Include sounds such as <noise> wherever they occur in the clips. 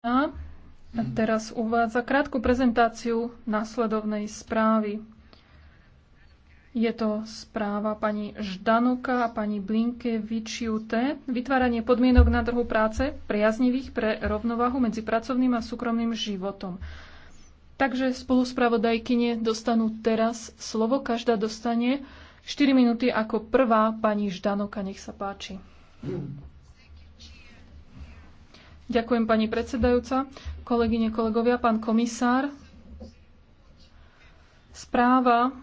A teraz uvádza krátku prezentáciu následovnej správy. Je to správa pani Ždanoka a pani Vičiute. Vytváranie podmienok na trhu práce priaznivých pre rovnovahu medzi pracovným a súkromným životom. Takže spoluspravodajkyne dostanú teraz slovo. Každá dostane 4 minúty ako prvá pani Ždanoka. Nech sa páči. Mm. <clears throat> Ďakujem pani predsedajúca, kolegyne, kolegovia, pán komisár. Správa,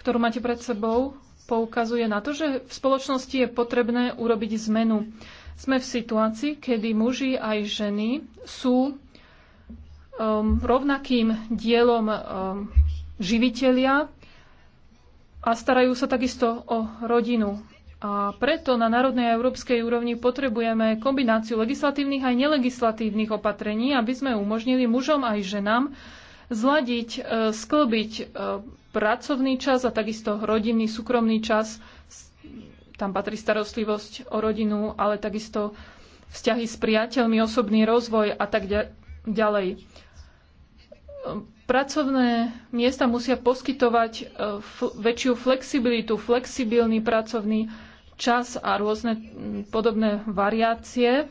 ktorú máte pred sebou, poukazuje na to, že v spoločnosti je potrebné urobiť zmenu. Sme v situácii, kedy muži aj ženy sú um, rovnakým dielom um, živitelia a starajú sa takisto o rodinu. A preto na národnej a európskej úrovni potrebujeme kombináciu legislatívnych aj nelegislatívnych opatrení, aby sme umožnili mužom aj ženám zladiť, e, sklbiť e, pracovný čas a takisto rodinný, súkromný čas. Tam patrí starostlivosť o rodinu, ale takisto vzťahy s priateľmi, osobný rozvoj a tak ďalej. E, pracovné miesta musia poskytovať väčšiu flexibilitu, flexibilný pracovný čas a rôzne podobné variácie.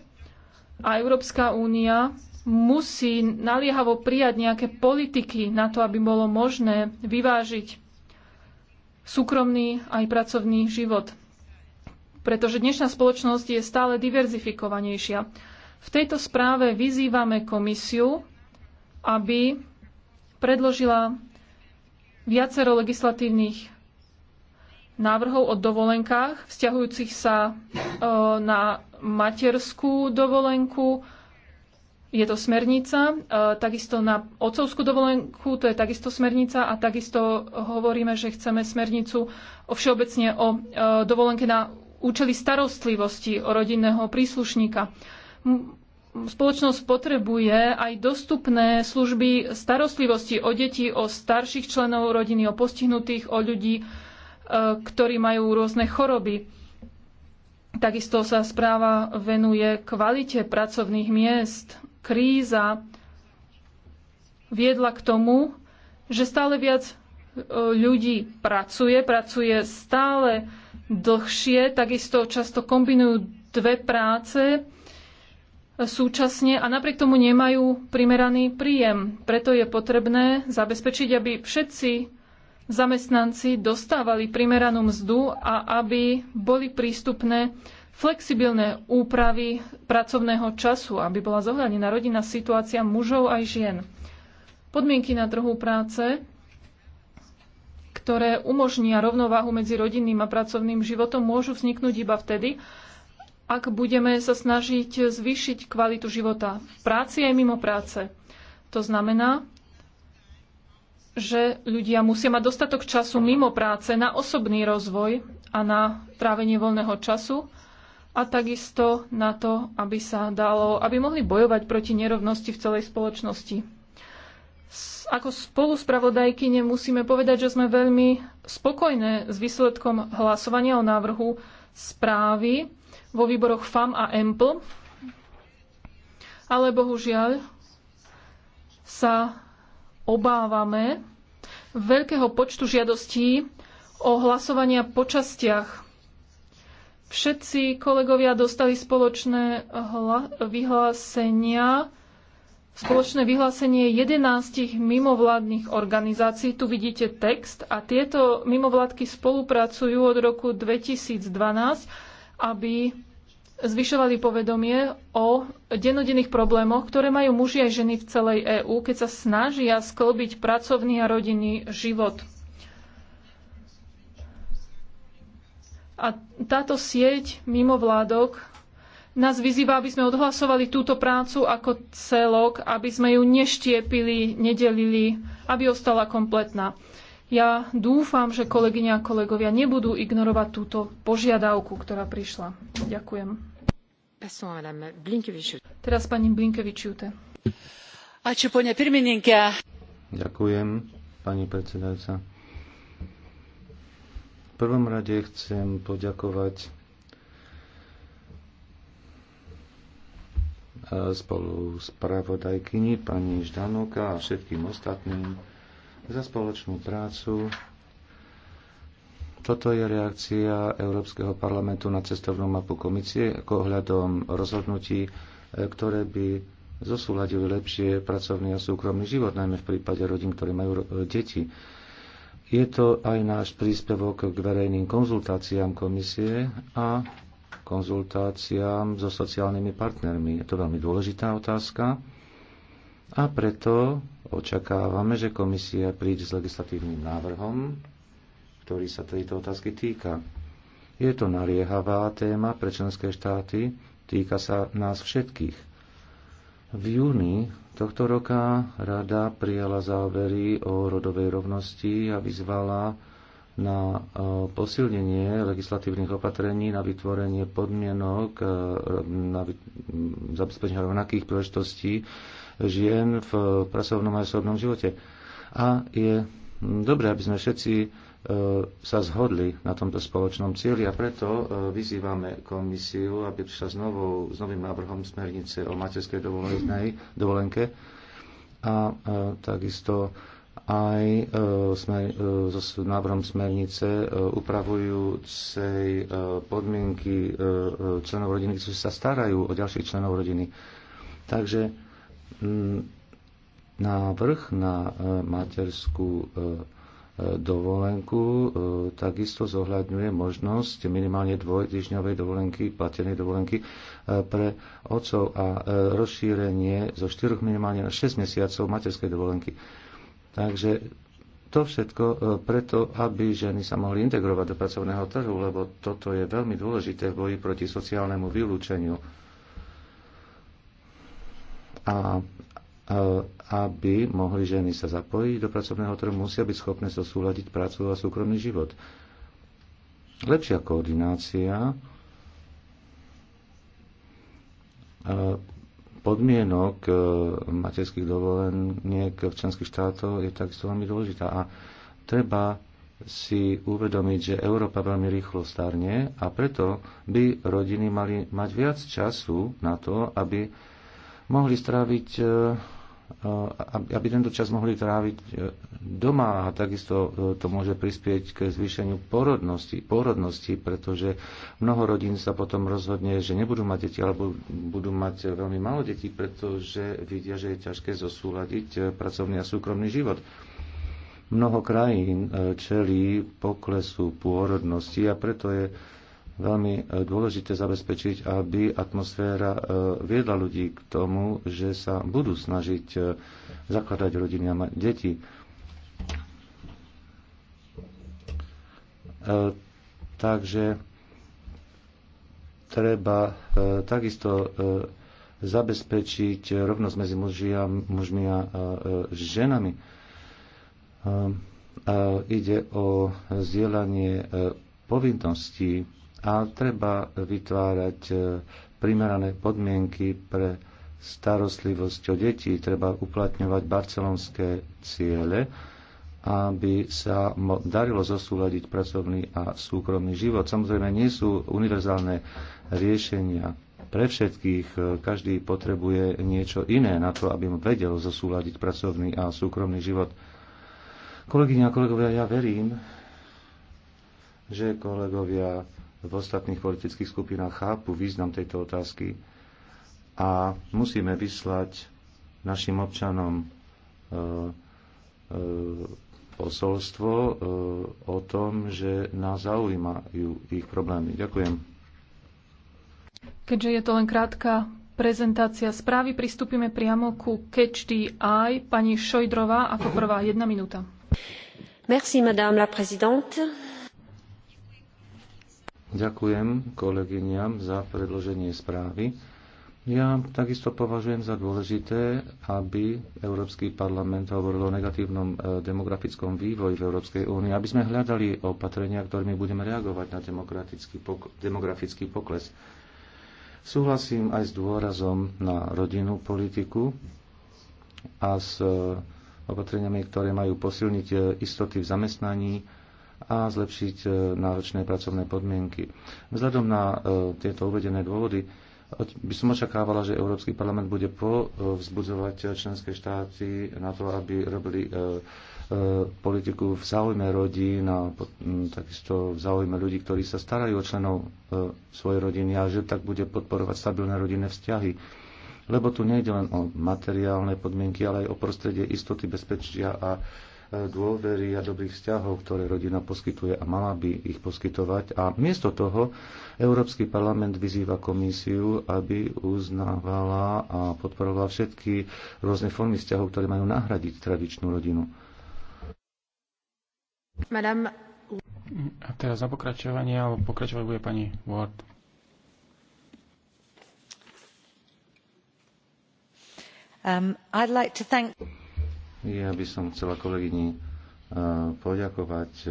A Európska únia musí naliehavo prijať nejaké politiky na to, aby bolo možné vyvážiť súkromný aj pracovný život. Pretože dnešná spoločnosť je stále diverzifikovanejšia. V tejto správe vyzývame komisiu, aby predložila viacero legislatívnych návrhov o dovolenkách, vzťahujúcich sa e, na materskú dovolenku, je to smernica, e, takisto na otcovskú dovolenku, to je takisto smernica a takisto hovoríme, že chceme smernicu o všeobecne o e, dovolenke na účely starostlivosti o rodinného príslušníka. Spoločnosť potrebuje aj dostupné služby starostlivosti o deti, o starších členov rodiny, o postihnutých, o ľudí E, ktorí majú rôzne choroby. Takisto sa správa venuje kvalite pracovných miest. Kríza viedla k tomu, že stále viac e, ľudí pracuje, pracuje stále dlhšie, takisto často kombinujú dve práce súčasne a napriek tomu nemajú primeraný príjem. Preto je potrebné zabezpečiť, aby všetci zamestnanci dostávali primeranú mzdu a aby boli prístupné flexibilné úpravy pracovného času, aby bola zohľadnená rodinná situácia mužov aj žien. Podmienky na trhu práce, ktoré umožnia rovnováhu medzi rodinným a pracovným životom, môžu vzniknúť iba vtedy, ak budeme sa snažiť zvýšiť kvalitu života v práci aj mimo práce. To znamená, že ľudia musia mať dostatok času mimo práce na osobný rozvoj a na trávenie voľného času a takisto na to, aby sa dalo, aby mohli bojovať proti nerovnosti v celej spoločnosti. Ako spoluspravodajky musíme povedať, že sme veľmi spokojné s výsledkom hlasovania o návrhu správy vo výboroch FAM a EMPL, ale bohužiaľ sa obávame veľkého počtu žiadostí o hlasovania po častiach. Všetci kolegovia dostali spoločné vyhlásenia, spoločné vyhlásenie 11 mimovládnych organizácií. Tu vidíte text a tieto mimovládky spolupracujú od roku 2012, aby zvyšovali povedomie o denodenných problémoch, ktoré majú muži aj ženy v celej EÚ, keď sa snažia sklbiť pracovný a rodinný život. A táto sieť mimovládok nás vyzýva, aby sme odhlasovali túto prácu ako celok, aby sme ju neštiepili, nedelili, aby ostala kompletná. Ja dúfam, že kolegyňa a kolegovia nebudú ignorovať túto požiadavku, ktorá prišla. Ďakujem. Teraz pani Blinkevičiute. Ďakujem, pani predsedajúca. V prvom rade chcem poďakovať e, spolu s pravodajkyni pani Ždanoka a všetkým ostatným za spoločnú prácu. Toto je reakcia Európskeho parlamentu na cestovnú mapu komisie ohľadom rozhodnutí, e, ktoré by zosúladili lepšie pracovný a súkromný život, najmä v prípade rodín, ktoré majú e, deti. Je to aj náš príspevok k verejným konzultáciám komisie a konzultáciám so sociálnymi partnermi. Je to veľmi dôležitá otázka a preto očakávame, že komisia príde s legislatívnym návrhom, ktorý sa tejto otázky týka. Je to naliehavá téma pre členské štáty, týka sa nás všetkých. V júni tohto roka rada prijala závery o rodovej rovnosti a vyzvala na e, posilnenie legislatívnych opatrení na vytvorenie podmienok e, na zabezpečenie rovnakých príležitostí žien v pracovnom a osobnom živote. A je dobré, aby sme všetci e, sa zhodli na tomto spoločnom cieli a preto e, vyzývame komisiu, aby prišla s, novou, s novým návrhom smernice o materskej dovolenke a e, takisto aj smer, návrhom smernice upravujúcej podmienky členov rodiny, ktorí sa starajú o ďalších členov rodiny. Takže Mm, návrh na e, materskú e, e, dovolenku takisto zohľadňuje možnosť minimálne dvojtyžňovej dovolenky, platenej dovolenky pre otcov a rozšírenie zo 4 minimálne na 6 mesiacov materskej dovolenky. Takže to všetko preto, aby ženy sa mohli integrovať do pracovného trhu, lebo toto je veľmi dôležité v boji proti sociálnemu vylúčeniu a aby mohli ženy sa zapojiť do pracovného trhu, musia byť schopné súľadiť prácu a súkromný život. Lepšia koordinácia podmienok e, materských dovoleniek v členských štátoch je takisto veľmi dôležitá a treba si uvedomiť, že Európa veľmi rýchlo starne a preto by rodiny mali mať viac času na to, aby mohli stráviť e, e, aby tento čas mohli tráviť e, doma a takisto to môže prispieť k zvýšeniu porodnosti, porodnosti, pretože mnoho rodín sa potom rozhodne, že nebudú mať deti alebo budú mať veľmi málo detí, pretože vidia, že je ťažké zosúľadiť pracovný a súkromný život. Mnoho krajín čelí poklesu pôrodnosti a preto je veľmi e, dôležité zabezpečiť, aby atmosféra e, viedla ľudí k tomu, že sa budú snažiť e, zakladať rodiny a mať deti. Takže treba takisto zabezpečiť rovnosť medzi muži a, mužmi a ženami. Ide o zdieľanie povinností a treba vytvárať e, primerané podmienky pre starostlivosť o deti, treba uplatňovať barcelonské ciele, aby sa darilo zosúľadiť pracovný a súkromný život. Samozrejme, nie sú univerzálne riešenia pre všetkých. E, každý potrebuje niečo iné na to, aby vedel zosúľadiť pracovný a súkromný život. Kolegyne a kolegovia, ja verím, že kolegovia v ostatných politických skupinách chápu význam tejto otázky a musíme vyslať našim občanom e, e, posolstvo e, o tom, že nás zaujímajú ich problémy. Ďakujem. Keďže je to len krátka prezentácia správy, pristúpime priamo ku Catch the Eye. Pani Šojdrová ako prvá, jedna minúta. Merci, madame la présidente. Ďakujem kolegyňam za predloženie správy. Ja takisto považujem za dôležité, aby Európsky parlament hovoril o negatívnom e, demografickom vývoji v Európskej únii, aby sme hľadali opatrenia, ktorými budeme reagovať na demografický pokles. Súhlasím aj s dôrazom na rodinnú politiku a s e, opatreniami, ktoré majú posilniť e, istoty v zamestnaní, a zlepšiť e, náročné pracovné podmienky. Vzhľadom na e, tieto uvedené dôvody by som očakávala, že Európsky parlament bude povzbudzovať e, členské štáty na to, aby robili politiku v záujme rodín a takisto v záujme ľudí, ktorí sa starajú o členov svojej rodiny a že tak bude podporovať stabilné rodinné vzťahy. Lebo tu nejde len o materiálne podmienky, ale aj o prostredie istoty, bezpečia a dôvery a dobrých vzťahov, ktoré rodina poskytuje a mala by ich poskytovať. A miesto toho Európsky parlament vyzýva komisiu, aby uznávala a podporovala všetky rôzne formy vzťahov, ktoré majú nahradiť tradičnú rodinu. Madame... A teraz na pokračovanie, alebo pokračovať bude pani Ward. Um, I'd like to thank... Ja by som chcela kolegyni e, poďakovať e,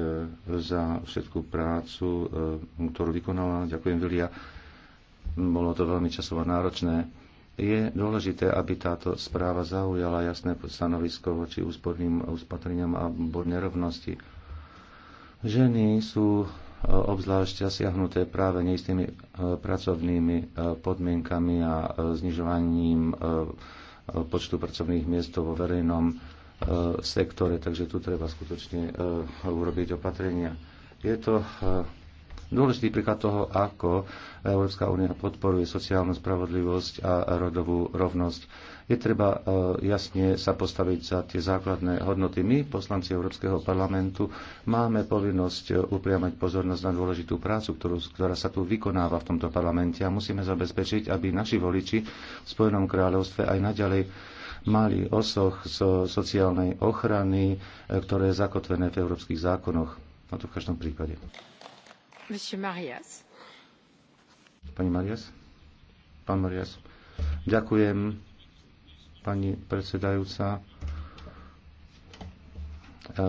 za všetkú prácu, e, ktorú vykonala. Ďakujem, Vilia. Bolo to veľmi časovo náročné. Je dôležité, aby táto správa zaujala jasné stanovisko voči úsporným uspatreniam a nerovnosti. Ženy sú obzvlášť zasiahnuté práve neistými pracovnými podmienkami a znižovaním počtu pracovných miest vo verejnom Eh, sektore, takže tu treba skutočne eh, urobiť opatrenia. Je to eh, dôležitý príklad toho, ako Európska únia podporuje sociálnu spravodlivosť a rodovú rovnosť. Je treba jasne sa postaviť za tie základné hodnoty. My, poslanci Európskeho parlamentu, máme povinnosť upriamať pozornosť na dôležitú prácu, ktorú, ktorá sa tu vykonáva v tomto parlamente a musíme zabezpečiť, aby naši voliči v Spojenom kráľovstve aj naďalej malý osoch zo sociálnej ochrany, e, ktoré je zakotvené v európskych zákonoch. No to v každom prípade. Monsieur Marias. Pani Marias? Pán Marias. Ďakujem, pani predsedajúca. E,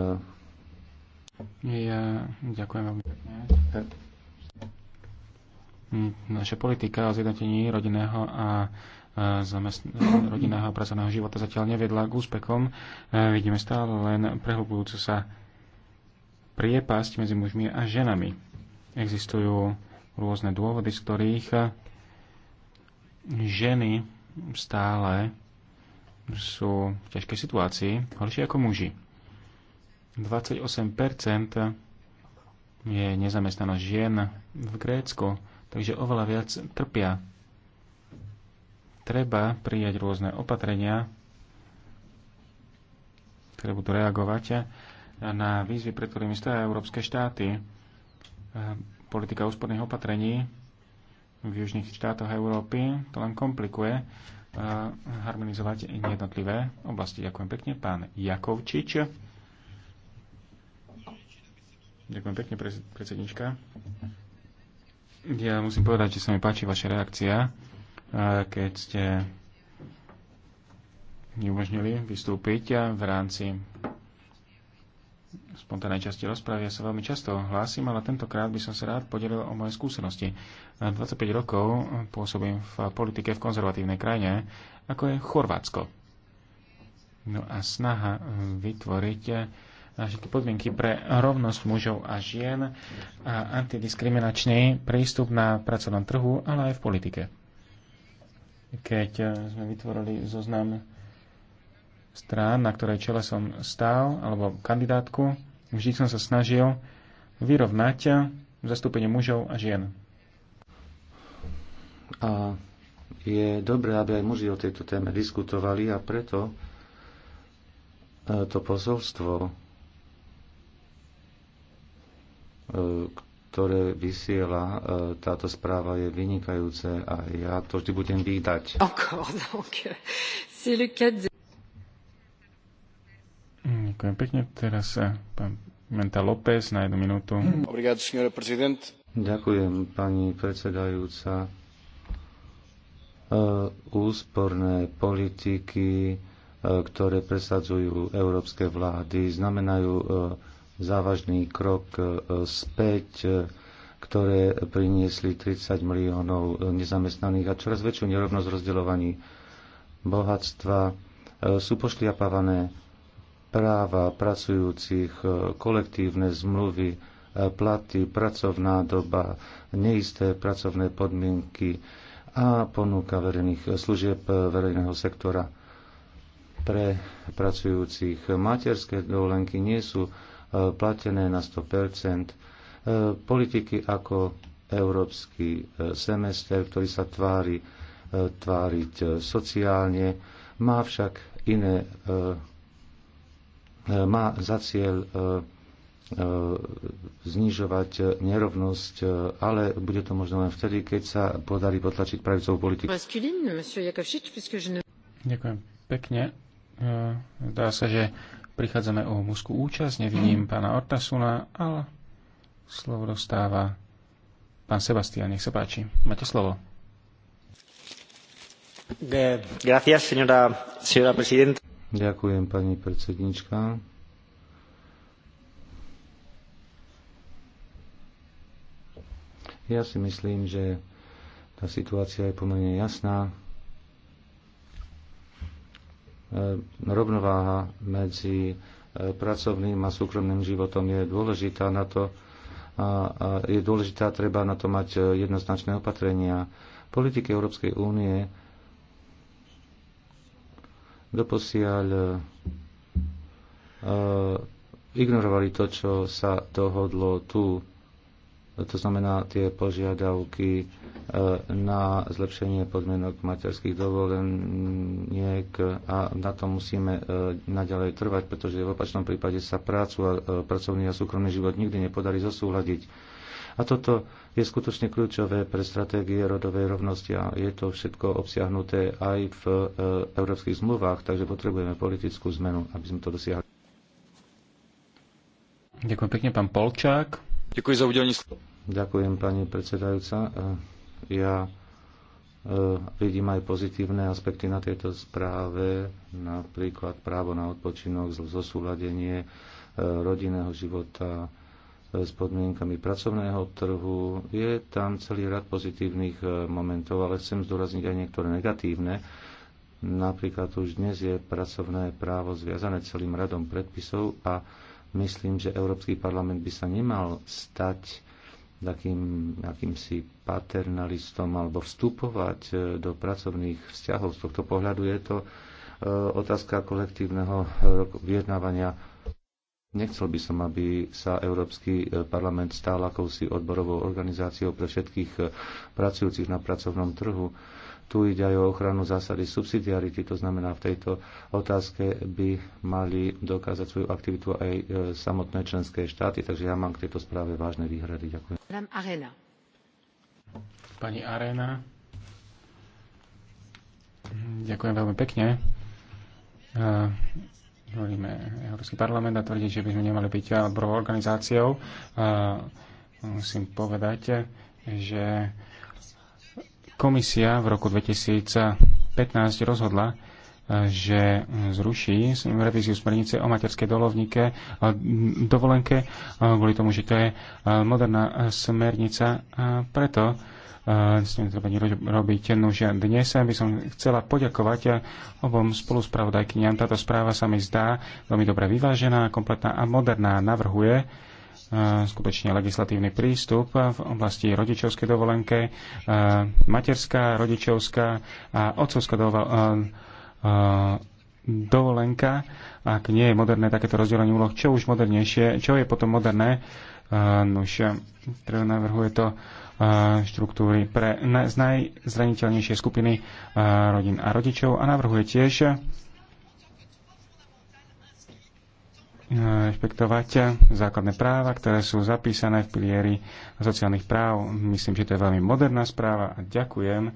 ja ďakujem veľmi pekne. E, Hm, naša politika o zjednotení rodinného a rodinného a pracovného života zatiaľ nevedla k úspechom. E, vidíme stále len prehlbujúcu sa priepasť medzi mužmi a ženami. Existujú rôzne dôvody, z ktorých ženy stále sú v ťažkej situácii, horšie ako muži. 28% je nezamestnanosť žien v Grécku takže oveľa viac trpia. Treba prijať rôzne opatrenia, ktoré budú reagovať na výzvy, pred ktorými stojí európske štáty. Politika úsporných opatrení v južných štátoch Európy to len komplikuje harmonizovať jednotlivé oblasti. Ďakujem pekne, pán Jakovčič. Ďakujem pekne, predsednička. Ja musím povedať, že sa mi páči vaša reakcia, keď ste neumožnili vystúpiť a v rámci spontánnej časti rozpravy. Ja sa veľmi často hlásim, ale tentokrát by som sa rád podelil o moje skúsenosti. 25 rokov pôsobím v politike v konzervatívnej krajine, ako je Chorvátsko. No a snaha vytvoriť všetky podmienky pre rovnosť mužov a žien a antidiskriminačný prístup na pracovnom trhu, ale aj v politike. Keď eh, sme vytvorili zoznam strán, na ktorej čele som stál, alebo kandidátku, vždy som sa snažil vyrovnať eh, zastúpenie mužov a žien. A je dobré, aby aj muži o tejto téme diskutovali a preto eh, to posolstvo ktoré vysiela e, táto správa, je vynikajúce a ja to vždy budem vítať. Mm, ďakujem pekne. Teraz e, pán Menta López na jednu minútu. Ďakujem, pani predsedajúca. E, úsporné politiky, ktoré presadzujú európske vlády, znamenajú závažný krok e, späť, e, ktoré priniesli 30 miliónov e, nezamestnaných a čoraz väčšiu nerovnosť v rozdeľovaní bohatstva. Sú pošliapávané práva pracujúcich, kolektívne zmluvy, platy, pracovná doba, neisté pracovné podmienky a ponúka verejných služieb verejného sektora pre pracujúcich. Materské dovolenky nie sú Eh, platené na 100 eh, Politiky ako európsky eh, semester, ktorý sa tvári, tváriť sociálne, má však iné, má za cieľ znižovať nerovnosť, ale bude to možno len vtedy, keď sa podarí potlačiť pravicovú politiku. Ďakujem pekne. Zdá sa, že prichádzame o mužskú účasť, nevidím pána Ortasuna, ale slovo dostáva pán Sebastián, nech sa páči. Máte slovo. Gracias, señora, señora Ďakujem, pani predsednička. Ja si myslím, že tá situácia je pomerne jasná. E, rovnováha medzi e, pracovným a súkromným životom je dôležitá na to, a je dôležitá, treba na to mať e, jednoznačné opatrenia. Politiky Európskej únie doposiaľ ignorovali to, čo sa dohodlo tu to znamená tie požiadavky e, na zlepšenie podmienok materských dovoleniek a na to musíme e, naďalej trvať, pretože v opačnom prípade sa prácu a e, pracovný a súkromný život nikdy nepodarí zosúhľadiť. A toto je skutočne kľúčové pre stratégie rodovej rovnosti a je to všetko obsiahnuté aj v európskych zmluvách, takže potrebujeme politickú zmenu, aby sme to dosiahli. Ďakujem pekne, pán Polčák. Ďakujem za udelenie. Ďakujem, pani predsedajúca. E, ja e, vidím aj pozitívne aspekty na tejto správe, napríklad právo na odpočinok, zosúladenie e, rodinného života s podmienkami pracovného trhu. Je tam celý rad pozitívnych momentov, ale chcem zdôrazniť aj niektoré negatívne. Napríklad už dnes je pracovné právo zviazané celým radom predpisov a Myslím, že Európsky parlament by sa nemal stať takým akýmsi paternalistom alebo vstupovať e, do pracovných vzťahov. Z tohto pohľadu je to e, otázka kolektívneho e, vyjednávania. Nechcel by som, aby sa Európsky parlament stál akousi odborovou organizáciou pre všetkých pracujúcich na pracovnom trhu. Tu ide aj o ochranu zásady subsidiarity, to znamená, v tejto otázke by mali dokázať svoju aktivitu aj e, samotné členské štáty, takže ja mám k tejto správe vážne výhrady. Ďakujem. Arena. Pani Arena. Ďakujem veľmi pekne. E, hovoríme Európsky parlament a tvrdí, že by sme nemali byť odborovou organizáciou. E, musím povedať, že Komisia v roku 2015 rozhodla, že zruší revíziu smernice o materskej dolovnike, dovolenke, kvôli tomu, že to je e, moderná smernica a preto e, s tým treba robiť. No, že dnes by som chcela poďakovať obom spoluspravodajkyniam. Táto správa sa mi zdá veľmi dobre vyvážená, kompletná a moderná. Navrhuje skutočne legislatívny prístup v oblasti rodičovskej dovolenke, materská, rodičovská a otcovská dovolenka. Ak nie je moderné takéto rozdelenie úloh, čo už modernejšie, čo je potom moderné, nuž, treba navrhuje to štruktúry pre z najzraniteľnejšie skupiny rodín a rodičov a navrhuje tiež rešpektovať základné práva, ktoré sú zapísané v pilieri sociálnych práv. Myslím, že to je veľmi moderná správa a ďakujem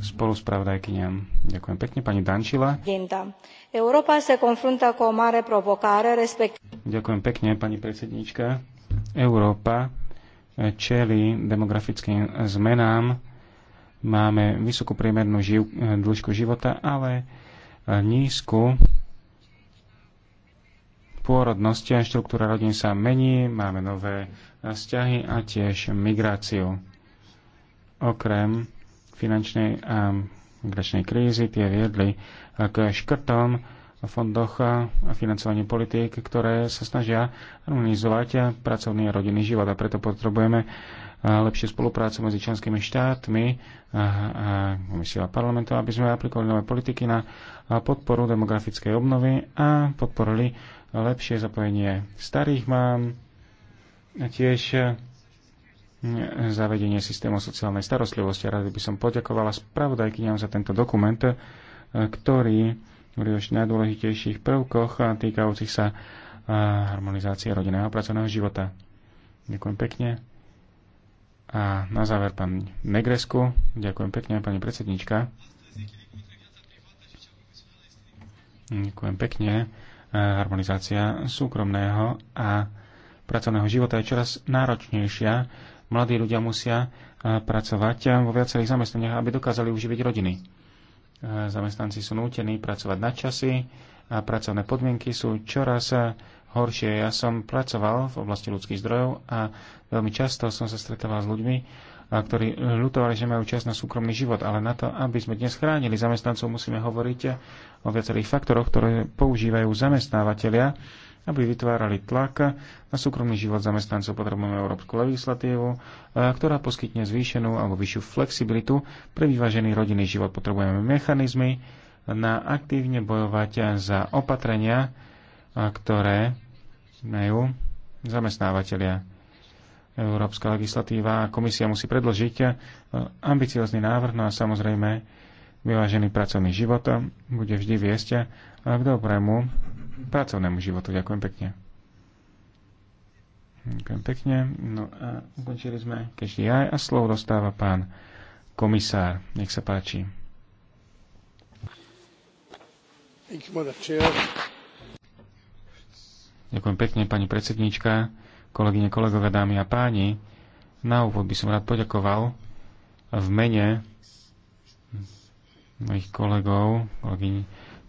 spolu s pravdajkyniam. Ďakujem pekne, pani Dančila. Ďakujem pekne, pani predsedníčka. Európa čeli demografickým zmenám. Máme vysokú priemernú živ- dĺžku života, ale nízku pôrodnosti a štruktúra rodín sa mení, máme nové vzťahy a tiež migráciu. Okrem finančnej a migračnej krízy tie viedli k škrtom v fondoch a financovaní politík, ktoré sa snažia harmonizovať pracovný a rodinný život a preto potrebujeme lepšiu spoluprácu medzi členskými štátmi a komisiou a parlamentom, aby sme aplikovali nové politiky na podporu demografickej obnovy a podporili lepšie zapojenie starých mám a tiež eh, zavedenie systému sociálnej starostlivosti. Rád by som poďakovala spravodajkyňam za tento dokument, eh, ktorý hovorí o najdôležitejších prvkoch eh, týkajúcich sa harmonizácie rodinného a pracovného života. Ďakujem pekne. A na záver pán Negresku. Ďakujem pekne, pani predsednička. Ďakujem pekne. E, harmonizácia súkromného a pracovného života je čoraz náročnejšia. Mladí ľudia musia e, pracovať vo viacerých zamestnaniach, aby dokázali uživiť rodiny. E, zamestnanci sú nútení pracovať na časy a pracovné podmienky sú čoraz horšie. Ja som pracoval v oblasti ľudských zdrojov a veľmi často som sa stretával s ľuďmi, ktorí ľutovali, že majú čas na súkromný život, ale na to, aby sme dnes chránili zamestnancov, musíme hovoriť o viacerých faktoroch, ktoré používajú zamestnávateľia, aby vytvárali tlak na súkromný život zamestnancov. Potrebujeme európsku legislatívu, e, ktorá poskytne zvýšenú alebo vyššiu flexibilitu pre vyvážený rodinný život. Potrebujeme mechanizmy na aktívne bojovať za opatrenia, ktoré majú zamestnávateľia Európska legislatíva a komisia musí predložiť eh, ambiciózny návrh, no a samozrejme vyvážený pracovný život bude vždy viesť eh, k dobrému pracovnému životu. Ďakujem pekne. Ďakujem pekne. No a ukončili sme každý aj a slovo dostáva pán komisár. Nech sa páči. Ďakujem pekne, pani predsedníčka kolegyne, kolegové, dámy a páni. Na úvod by som rád poďakoval v mene mojich kolegov, kolegyň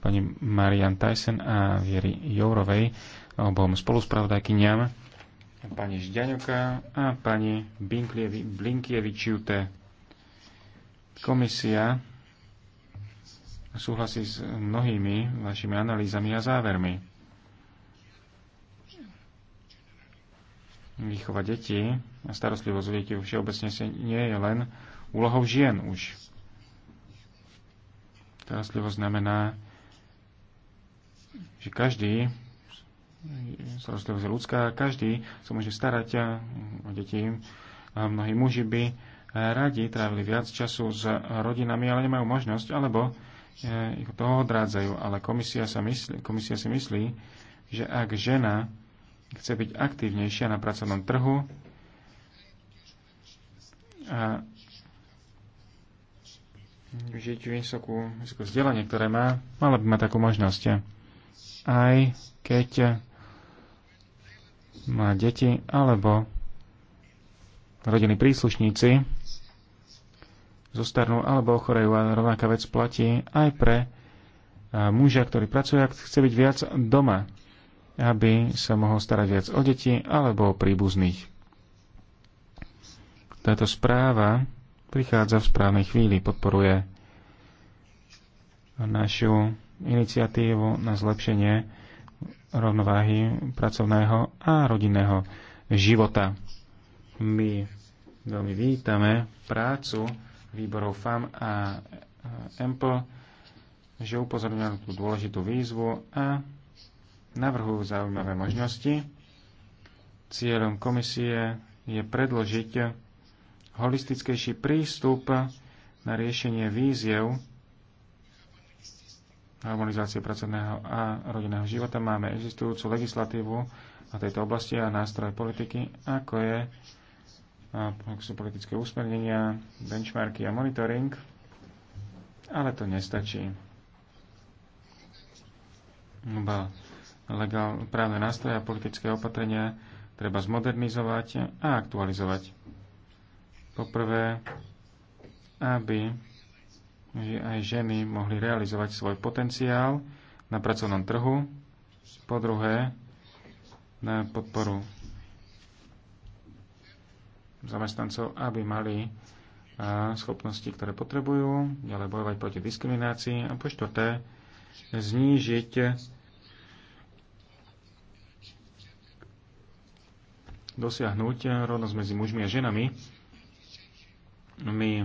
pani Marian Tyson a Viery Jourovej, obom spoluspravodajkyniam, pani Žďaňoka a pani Blinkievičiute. Komisia súhlasí s mnohými vašimi analýzami a závermi. výchova detí a starostlivosť o deti všeobecne nie je len úlohou žien už. Starostlivosť znamená, že každý, starostlivosť je ľudská, každý sa môže starať o deti. A mnohí muži by radi trávili viac času s rodinami, ale nemajú možnosť, alebo eh, ich toho odrádzajú. Ale komisia, sa myslí, komisia si myslí, že ak žena chce byť aktívnejšia na pracovnom trhu a žiť vysokú, vysokú vzdelanie, ktoré má, mala by mať takú možnosť. Aj keď má deti alebo rodiny príslušníci zostarnú alebo ochorejú a rovnaká vec platí aj pre muža, ktorý pracuje, ak chce byť viac doma aby sa mohol starať viac o deti alebo o príbuzných. Táto správa prichádza v správnej chvíli, podporuje našu iniciatívu na zlepšenie rovnováhy pracovného a rodinného života. My veľmi vítame prácu výborov FAM a EMPL, že upozorňujú tú dôležitú výzvu a navrhujú zaujímavé možnosti. Cieľom komisie je predložiť holistickejší prístup na riešenie víziev harmonizácie pracovného a rodinného života. Máme existujúcu legislatívu na tejto oblasti a nástroje politiky, ako je ako sú politické usmernenia, benchmarky a monitoring, ale to nestačí legál, právne nástroje a politické opatrenia treba zmodernizovať a aktualizovať. Poprvé, aby aj ženy mohli realizovať svoj potenciál na pracovnom trhu. Po druhé, na podporu zamestnancov, aby mali schopnosti, ktoré potrebujú, ďalej bojovať proti diskriminácii a po štvrté, znížiť dosiahnuť rovnosť medzi mužmi a ženami. My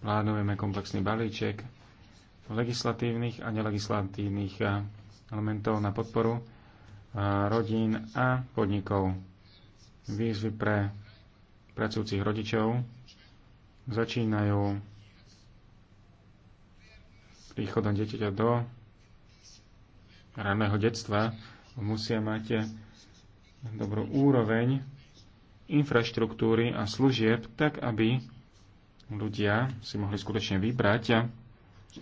plánujeme komplexný balíček legislatívnych a nelegislatívnych elementov na podporu rodín a podnikov. Výzvy pre pracujúcich rodičov začínajú príchodom dieťaťa do raného detstva musia mať dobrú úroveň infraštruktúry a služieb, tak aby ľudia si mohli skutočne vybrať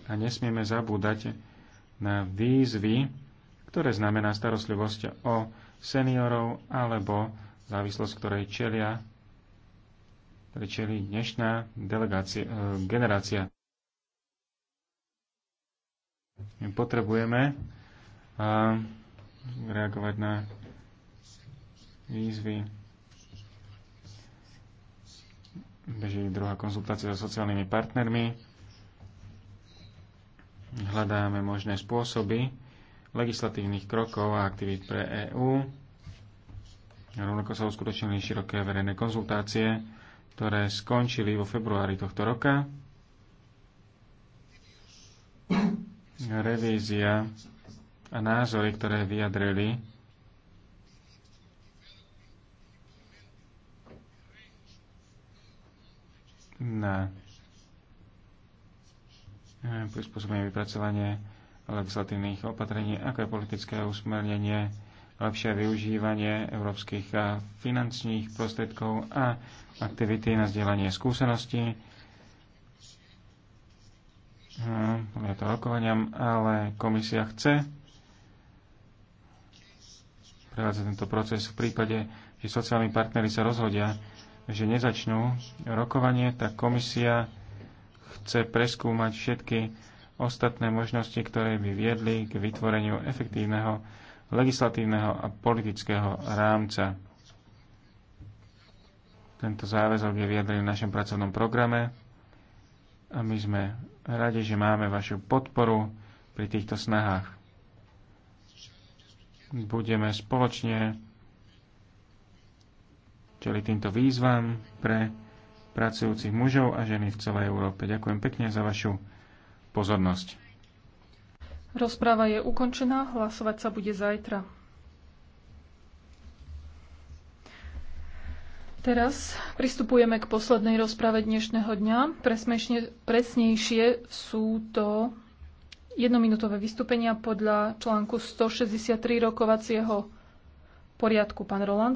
a nesmieme zabúdať na výzvy, ktoré znamená starostlivosť o seniorov alebo závislosť, ktorej čelia ktorej dnešná delegácia, e, generácia. Potrebujeme reagovať na výzvy. Beží druhá konzultácia so sociálnymi partnermi. Hľadáme možné spôsoby legislatívnych krokov a aktivít pre EÚ. Rovnako sa uskutočnili široké verejné konzultácie, ktoré skončili vo februári tohto roka. Revízia a názory, ktoré vyjadrili, na eh, prispôsobenie vypracovanie legislatívnych opatrení, ako je politické usmernenie, lepšie využívanie európskych eh, finančných prostriedkov a aktivity na zdieľanie skúseností. Eh, je to rokovaniam, ale komisia chce prevádzať tento proces. V prípade, že sociálni partnery sa rozhodia, že nezačnú rokovanie, tak komisia chce preskúmať všetky ostatné možnosti, ktoré by viedli k vytvoreniu efektívneho legislatívneho a politického rámca. Tento záväzok je vyjadrený v našom pracovnom programe a my sme radi, že máme vašu podporu pri týchto snahách budeme spoločne čeli týmto výzvam pre pracujúcich mužov a ženy v celej Európe. Ďakujem pekne za vašu pozornosť. Rozpráva je ukončená, hlasovať sa bude zajtra. Teraz pristupujeme k poslednej rozprave dnešného dňa. Presmešne, presnejšie sú to jednominútové vystúpenia podľa článku 163 rokovacieho poriadku. Pán Roland.